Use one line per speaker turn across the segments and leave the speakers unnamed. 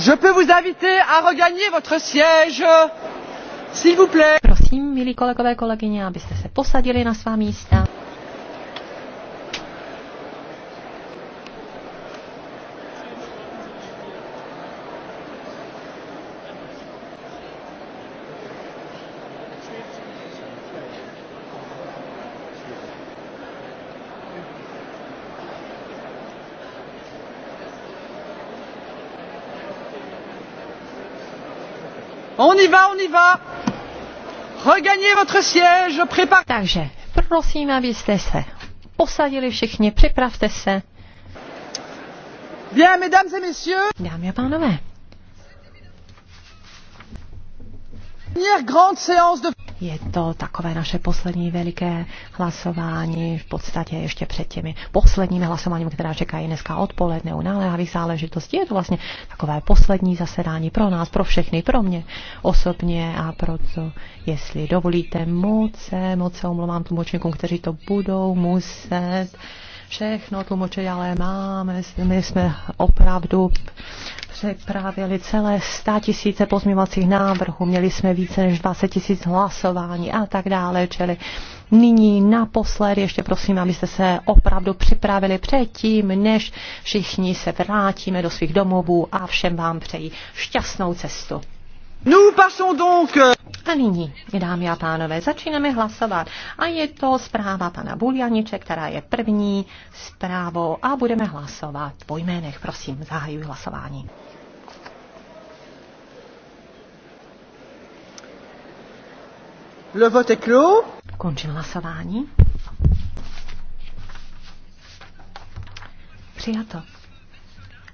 Je peux vous inviter à
regagner votre siège, s'il vous plaît. Prosím, milí kolegové, kolegyně, abyste se posadili na svá místa. On y va, on y va. Regagnez votre siège, prépare... Takže, prosím, abyste se posadili všichni, připravte se. Bien, mesdames et messieurs. Dámy a pánové. Grande séance de je to takové naše poslední veliké hlasování, v podstatě ještě před těmi posledními hlasováními, která čekají dneska odpoledne u náléhavých záležitostí. Je to vlastně takové poslední zasedání pro nás, pro všechny, pro mě osobně a proto, jestli dovolíte, moc se, moc se omlouvám tlumočníkům, kteří to budou muset všechno tlumočit, ale máme, my jsme opravdu připravili celé 100 tisíce pozměňovacích návrhů, měli jsme více než 20 tisíc hlasování a tak dále, čili nyní naposled, ještě prosím, abyste se opravdu připravili předtím, než všichni se vrátíme do svých domovů a všem vám přeji šťastnou cestu. Euh, a nyní, dámy a pánové, začínáme hlasovat. A je to zpráva pana Buljaniče, která je první zprávou a budeme hlasovat po jménech. Prosím, zahajuji hlasování. Le vote est clos. Končím hlasování. Přijato.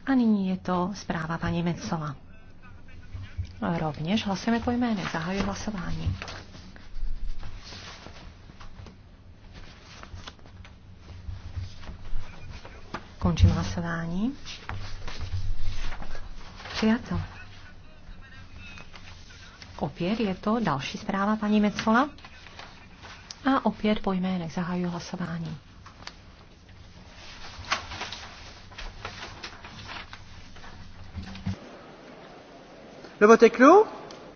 A nyní je to zpráva paní Metzola rovněž hlasujeme po jménech. Zahajuji hlasování. Končím hlasování. Přijato. Opět je to další zpráva paní Mecola. A opět po jménech zahajuji hlasování.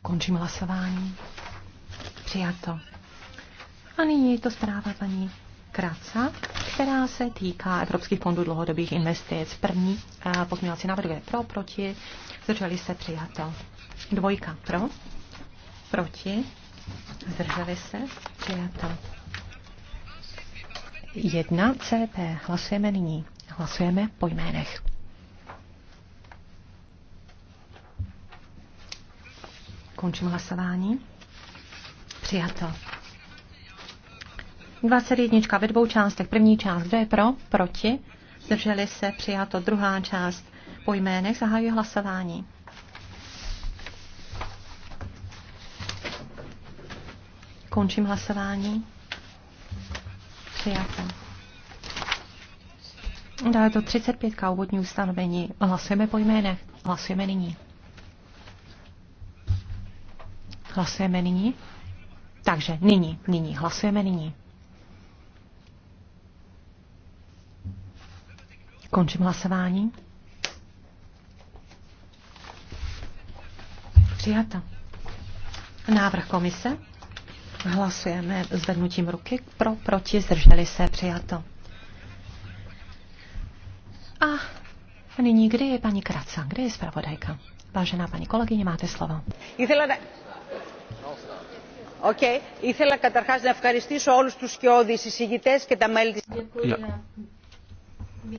Končím hlasování. Přijato. A nyní je to zpráva paní Kraca, která se týká Evropských fondů dlouhodobých investic. První eh, pozměňovací návrh je pro, proti, zdrželi se přijato. Dvojka pro, proti, zdrželi se přijato. Jedna CP. Hlasujeme nyní. Hlasujeme po jménech. Končím hlasování. Přijato. 21 ve dvou částech. První část, kdo je pro, proti. Zdrželi se, přijato. Druhá část, po jménech zahajuji hlasování. Končím hlasování. Přijato. Dále to 35 úvodní ustanovení. Hlasujeme po jménech. Hlasujeme nyní. Hlasujeme nyní. Takže nyní, nyní, hlasujeme nyní. Končím hlasování. Přijata. Návrh komise. Hlasujeme zvednutím ruky pro, proti, zdrželi se, přijato. A nyní, kdy je paní Kraca? Kde je zpravodajka? Vážená paní kolegyně, máte slovo. Ήθελα να ευχαριστήσω
και τα μέλη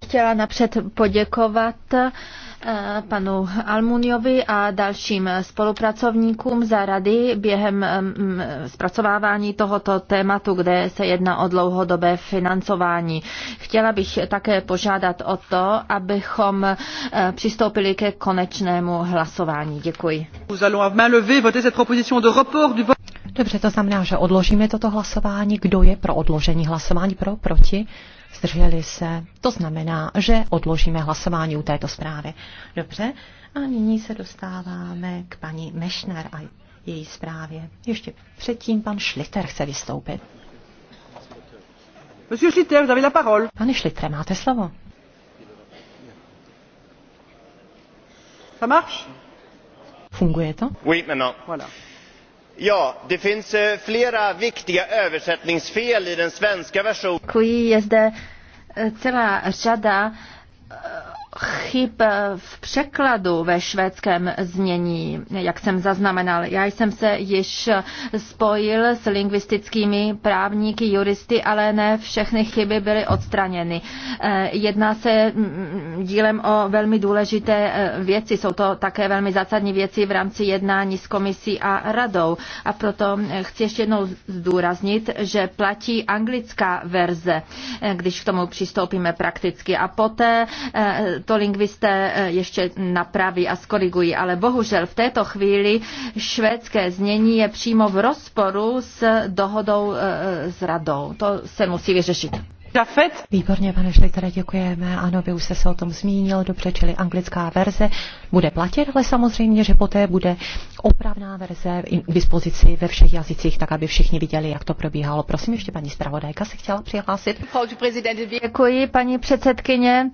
Chtěla napřed poděkovat eh, panu Almuniovi a dalším spolupracovníkům za rady během mm, zpracovávání tohoto tématu, kde se jedná o dlouhodobé financování. Chtěla bych také požádat o to, abychom eh, přistoupili ke konečnému hlasování. Děkuji. Dobře, to znamená,
že odložíme toto hlasování. Kdo je pro odložení hlasování? Pro, proti? Zdrželi se. To znamená, že odložíme hlasování u této zprávy. Dobře. A nyní se dostáváme k paní Mešner a její zprávě. Ještě předtím pan Schlitter chce vystoupit. Monsieur Schlitter, vous avez la parole. Pane Schlitter, máte slovo. Ça marche? Funguje to? Oui, maintenant. Voilà. Děkuji,
je zde eh, celá řada chyb eh, v překladu ve švédském znění, jak jsem zaznamenal. Já jsem se již spojil s lingvistickými právníky, juristy, ale ne všechny chyby byly odstraněny. Eh, jedná se mm, mm, dílem o velmi důležité eh, věci. Jsou to také velmi zásadní věci v rámci jednání s komisí a radou. A proto chci ještě jednou zdůraznit, že platí anglická verze, když k tomu přistoupíme prakticky. A poté to lingvistické aktivisté eh, ještě napraví a skorigují, ale bohužel v této chvíli švédské znění je přímo v rozporu s dohodou eh, eh, s radou. To se musí vyřešit.
Výborně, pane Šlitere, děkujeme. Ano, vy už jste se o tom zmínil, dobře, čili anglická verze bude platit, ale samozřejmě, že poté bude opravná verze k dispozici ve všech jazycích, tak aby všichni viděli, jak to probíhalo. Prosím,
ještě paní zpravodajka se chtěla přihlásit. Děkuji, paní předsedkyně.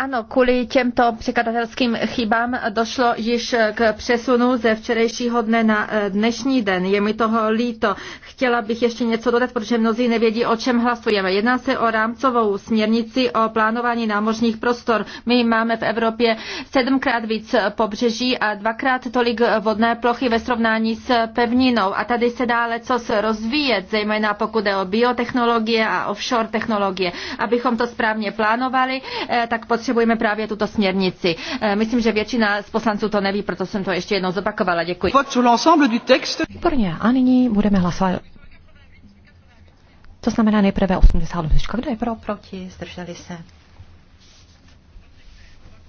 Ano, kvůli těmto překladatelským chybám došlo již k přesunu ze včerejšího dne na eh, dnešní den. Je mi toho líto. Chtěla bych ještě něco dodat, protože mnozí nevědí, o čem hlasujeme. Jedná se o rámcovou směrnici o plánování námořních prostor. My máme v Evropě sedmkrát víc pobřeží a dvakrát tolik vodné plochy ve srovnání s pevninou. A tady se dá se rozvíjet, zejména pokud je o biotechnologie a offshore technologie. Abychom to správně plánovali, eh, tak potřebujeme potřebujeme právě tuto směrnici. Eh, myslím, že většina z poslanců to neví, proto jsem to ještě jednou zopakovala. Děkuji.
Výborně. A nyní budeme hlasovat to znamená nejprve 88. Kdo je pro, proti, zdrželi se?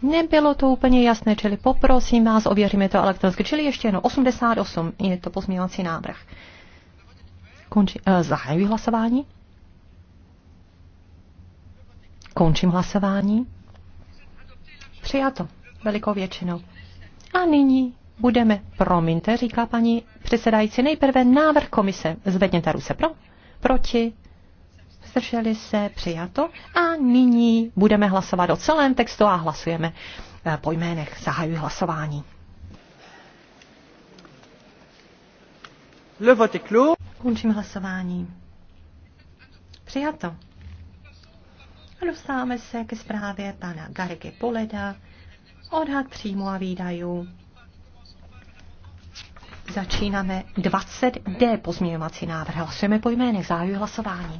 Nebylo to úplně jasné, čili poprosím vás, ověříme to elektronicky. Čili ještě jenom 88 je to pozměňovací návrh. Konči, eh, zahajuji hlasování. Končím hlasování. Přijato velikou většinou. A nyní budeme, promiňte, říká paní předsedající, nejprve návrh komise. Zvedněte ruce pro, proti, zdrželi se, přijato. A nyní budeme hlasovat o celém textu a hlasujeme eh, po jménech. Zahajuji hlasování. Le vote est clos. Končím hlasování. Přijato. A dostáváme se ke zprávě pana Gargy Poleda, odhad příjmu a výdajů. Začínáme 20D pozměňovací návrh. Hlasujeme po jménech, zahajuji hlasování.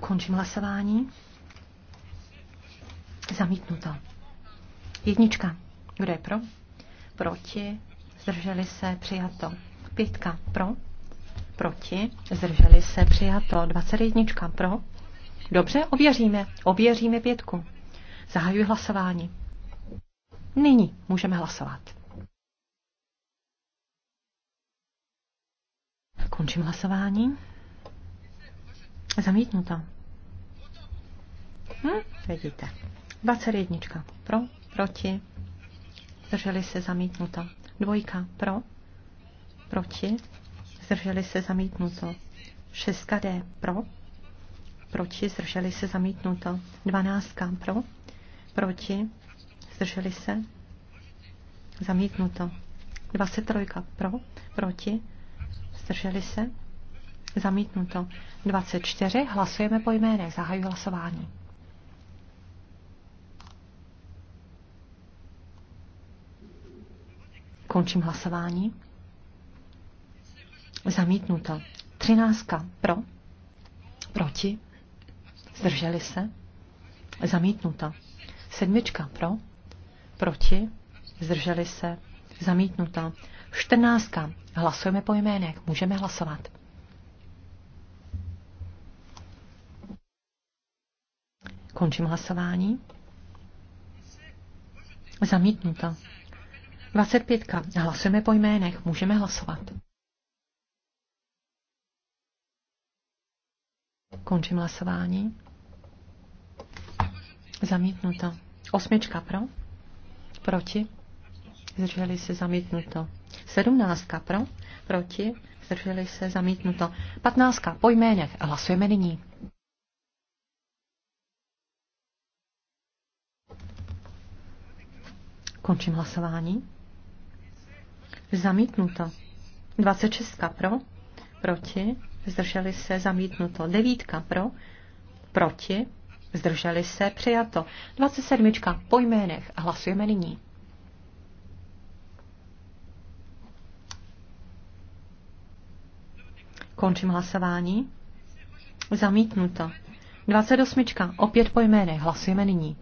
Končím hlasování. Zamítnuto. Jednička. Kdo je pro? Proti. Zdrželi se. Přijato. Pětka. Pro proti, zdrželi se, přijato. 21 pro. Dobře, ověříme. Ověříme pětku. Zahajuji hlasování. Nyní můžeme hlasovat. Končím hlasování. Zamítnuto. Hm, vidíte. 21. Pro, proti. Zdrželi se zamítnuto. Dvojka pro, proti zdrželi se zamítnuto. 6D pro, proti, zdrželi se zamítnuto. 12 pro, proti, zdrželi se zamítnuto. 23 pro, proti, zdrželi se zamítnuto. 24 hlasujeme po jménech, zahajuji hlasování. Končím hlasování. Zamítnuto. Třináctka. Pro. Proti. Zdrželi se. Zamítnuto. Sedmička. Pro. Proti. Zdrželi se. Zamítnuto. Čtrnáctka. Hlasujeme po jménech. Můžeme hlasovat. Končím hlasování. Zamítnuto. 25. Hlasujeme po jménech. Můžeme hlasovat. Končím hlasování. Zamítnuto. Osmička pro. Proti. Zdrželi se zamítnuto. Sedmnáctka pro. Proti. Zdrželi se zamítnuto. Patnáctka po jménech. Hlasujeme nyní. Končím hlasování. Zamítnuto. 26 pro, proti, zdrželi se, zamítnuto. Devítka pro, proti, zdrželi se, přijato. 27. po jménech. Hlasujeme nyní. Končím hlasování. Zamítnuto. 28. Opět po jménech. Hlasujeme nyní.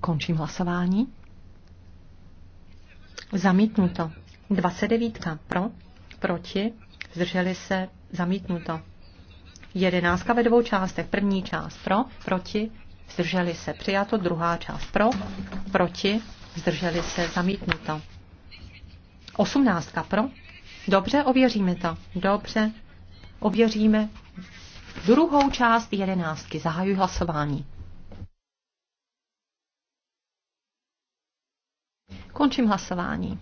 Končím hlasování. Zamítnuto. 29. Pro. Proti. Zdrželi se. Zamítnuto. 11. ve dvou částech. První část pro. Proti. Zdrželi se. Přijato. Druhá část pro. Proti. Zdrželi se. Zamítnuto. 18. Pro. Dobře, ověříme to. Dobře. Ověříme druhou část jedenáctky. Zahajuji hlasování. Končím hlasování.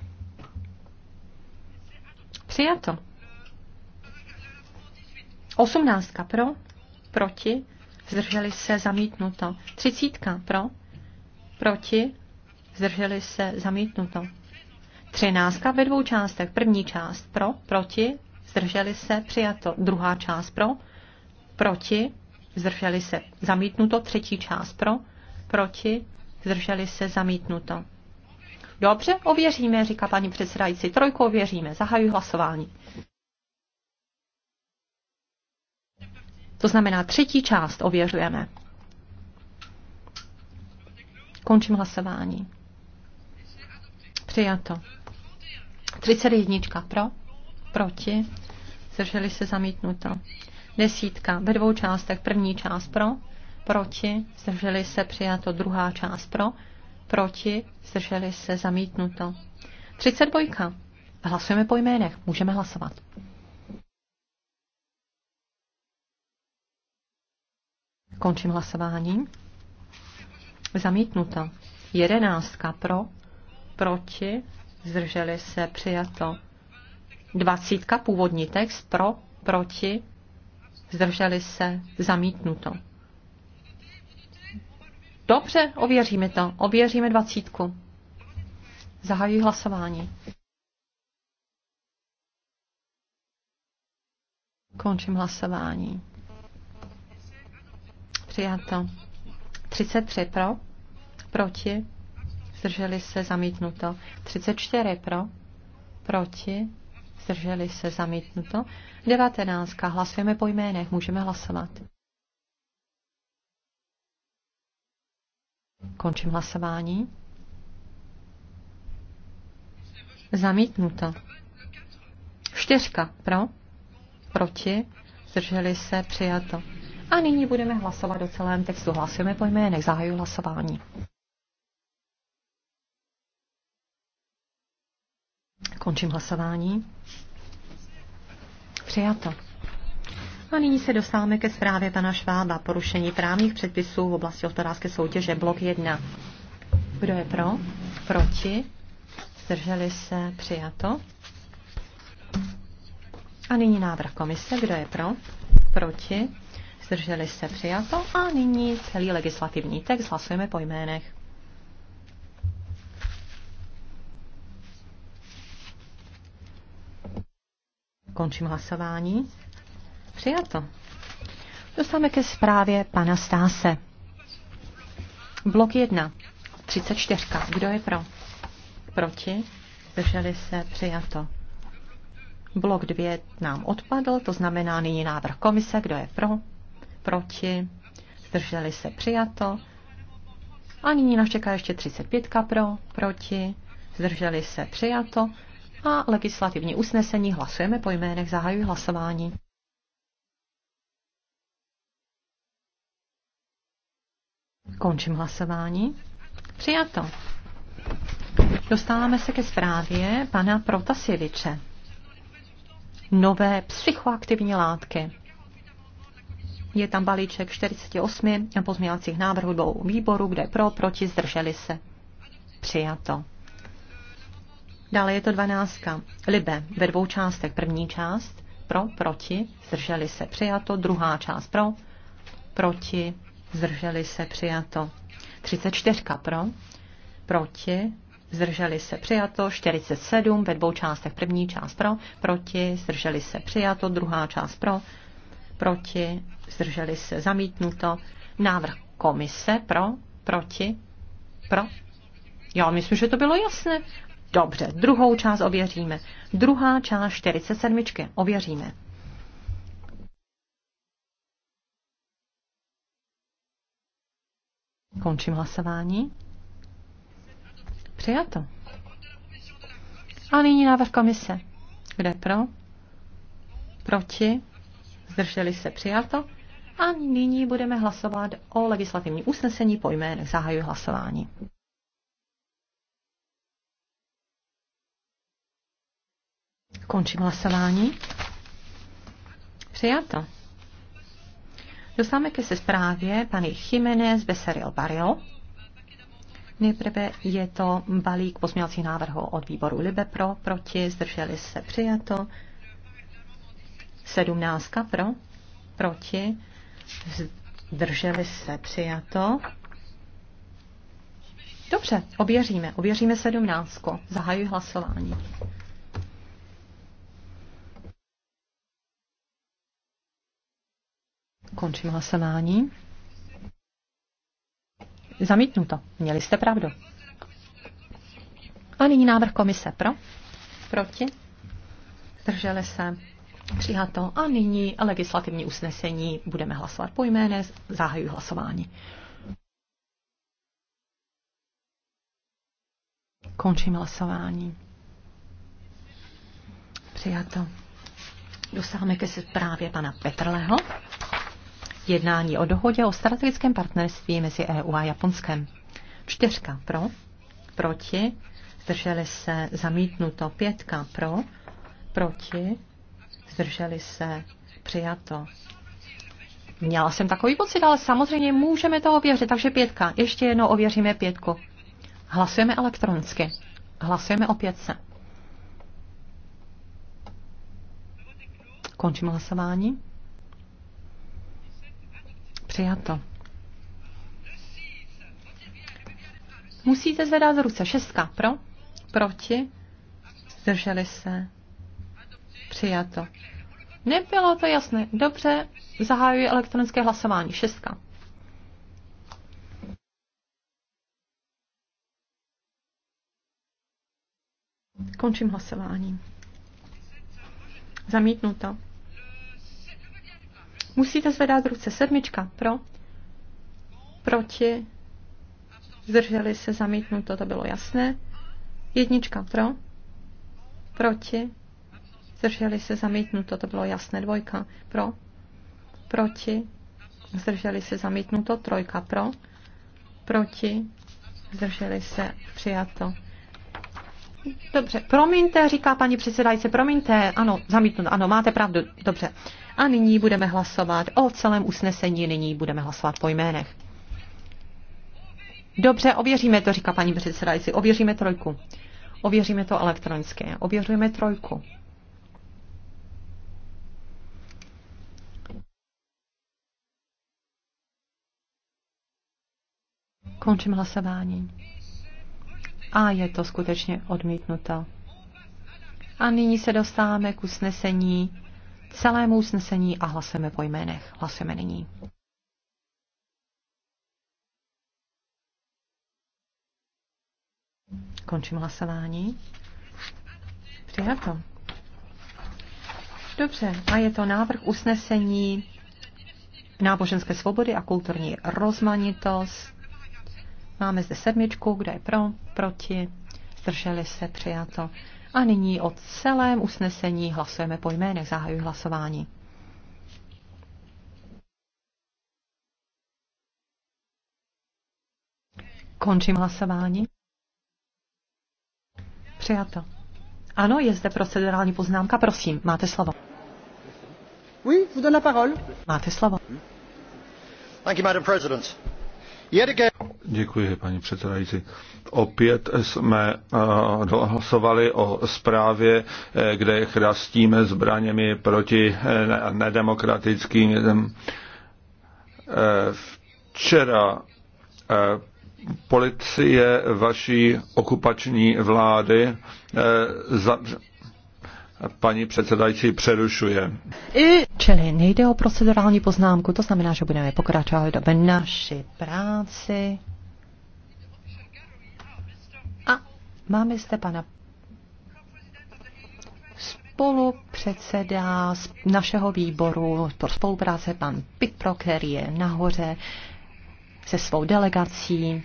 Přijato. Osmnáctka pro, proti, zdrželi se, zamítnuto. Třicítka pro, proti, zdrželi se, zamítnuto. Třináctka ve dvou částech. První část pro, proti, zdrželi se, přijato. Druhá část pro, proti, zdrželi se, zamítnuto. Třetí část pro, proti, zdrželi se, zamítnuto. Dobře, ověříme, říká paní předsedající. Trojku ověříme. Zahajuji hlasování. To znamená, třetí část ověřujeme. Končím hlasování. Přijato. 31 pro, proti, zdrželi se zamítnuto. Desítka ve dvou částech. První část pro, proti, zdrželi se přijato. Druhá část pro, proti, zdrželi se, zamítnuto. 32. Hlasujeme po jménech, můžeme hlasovat. Končím hlasování. Zamítnuto. Jedenáctka pro, proti, zdrželi se, přijato. Dvacítka původní text pro, proti, zdrželi se, zamítnuto. Dobře, ověříme to. Ověříme dvacítku. Zahajuji hlasování. Končím hlasování. Přijato. 33 pro, proti, zdrželi se zamítnuto. 34 pro, proti, zdrželi se zamítnuto. 19. Hlasujeme po jménech, můžeme hlasovat. Končím hlasování. Zamítnuto. Čtyřka pro, proti, zdrželi se, přijato. A nyní budeme hlasovat o celém textu. Hlasujeme po jménech, zahajuji hlasování. Končím hlasování. Přijato. A nyní se dostáváme ke zprávě pana Švába. Porušení právních předpisů v oblasti hospodářské soutěže blok 1. Kdo je pro? Proti? Zdrželi se? Přijato? A nyní návrh komise. Kdo je pro? Proti? Zdrželi se? Přijato? A nyní celý legislativní text. Hlasujeme po jménech. Končím hlasování. Přijato. Dostáváme ke zprávě pana Stáse. Blok 1. 34. Kdo je pro? Proti? Drželi se? Přijato. Blok 2 nám odpadl, to znamená nyní návrh komise. Kdo je pro? Proti? Zdrželi se? Přijato. A nyní nás čeká ještě 35 pro, proti, zdrželi se přijato a legislativní usnesení hlasujeme po jménech, zahajuji hlasování. Končím hlasování. Přijato. Dostáváme se ke zprávě pana Protasěviče. Nové psychoaktivní látky. Je tam balíček 48 pozměňovacích návrhů dvou výborů, kde pro, proti, zdrželi se. Přijato. Dále je to dvanáctka. Libe ve dvou částech. První část pro, proti, zdrželi se. Přijato. Druhá část pro, proti, zdrželi se přijato. 34 pro, proti, zdrželi se přijato. 47 ve dvou částech, první část pro, proti, zdrželi se přijato, druhá část pro, proti, zdrželi se zamítnuto. Návrh komise pro, proti, pro. Já myslím, že to bylo jasné. Dobře, druhou část ověříme. Druhá část 47. ověříme. Končím hlasování. Přijato. A nyní návrh komise. Kde pro? Proti? Zdrželi se přijato. A nyní budeme hlasovat o legislativní usnesení po jménech. Zahajuji hlasování. Končím hlasování. Přijato. Dostáváme ke se zprávě paní Jiménez Beseril Baril. Nejprve je to balík pozměňovacích návrhů od výboru Libe pro, proti, zdrželi se přijato. 17 pro, proti, zdrželi se přijato. Dobře, ověříme, ověříme sedmnáctku. Zahajuji hlasování. Končím hlasování. Zamítnuto. Měli jste pravdu. A nyní návrh komise pro. Proti. Drželi se. Přijato. A nyní legislativní usnesení. Budeme hlasovat po jméne. Zahajuji hlasování. Končím hlasování. Přijato. Dosáváme ke zprávě pana Petrleho jednání o dohodě o strategickém partnerství mezi EU a Japonskem. Čtyřka pro, proti, zdrželi se zamítnuto. Pětka pro, proti, zdrželi se přijato. Měla jsem takový pocit, ale samozřejmě můžeme to ověřit, takže pětka. Ještě jednou ověříme pětku. Hlasujeme elektronicky. Hlasujeme o pětce. Končím hlasování. Přijato. Musíte zvedat ruce. Šestka. Pro? Proti? Zdrželi se? Přijato. Nebylo to jasné. Dobře, zahajuji elektronické hlasování. Šestka. Končím hlasování. Zamítnuto. Musíte zvedat ruce. Sedmička pro, proti, zdrželi se zamítnuto, to bylo jasné. Jednička pro, proti, zdrželi se zamítnuto, to bylo jasné. Dvojka pro, proti, zdrželi se zamítnuto, trojka pro, proti, zdrželi se přijato. Dobře, promiňte, říká paní předsedající, promiňte, ano, zamítnu, ano, máte pravdu, dobře. A nyní budeme hlasovat o celém usnesení, nyní budeme hlasovat po jménech. Dobře, ověříme to, říká paní předsedající, ověříme trojku. Ověříme to elektronicky, ověřujeme trojku. Končím hlasování a je to skutečně odmítnuto. A nyní se dostáváme k usnesení, celému usnesení a hlasujeme po jménech. Hlasujeme nyní. Končím hlasování. Přijato. Dobře, a je to návrh usnesení náboženské svobody a kulturní rozmanitost. Máme zde sedmičku, kde je pro, proti, zdrželi se, přijato. A nyní o celém usnesení hlasujeme po jménech, zahajuji hlasování. Končím hlasování. Přijato. Ano, je zde procedurální poznámka. Prosím, máte slovo. Oui, vous donne la parole. Máte slovo. Thank you, Madam President.
Děkuji, paní předsedající. Opět jsme hlasovali o zprávě, e, kde
chrastíme zbraněmi proti e, nedemokratickým lidem. Včera e, policie vaší okupační vlády Paní předsedající přerušuje. I... Čili nejde o procedurální poznámku, to znamená, že budeme pokračovat do naší práci. A máme zde pana spolu předseda z našeho výboru pro spolupráce, pan Pitpro, který je nahoře se svou delegací.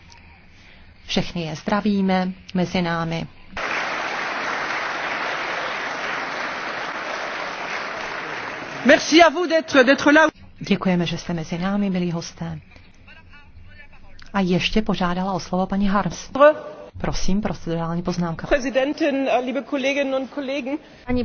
Všechny je zdravíme mezi námi. Merci à vous d'être là. Děkujeme, že jste mezi námi, milí hosté. A ještě požádala o slovo paní Harms. Prosím, procedurální poznámka.
Paní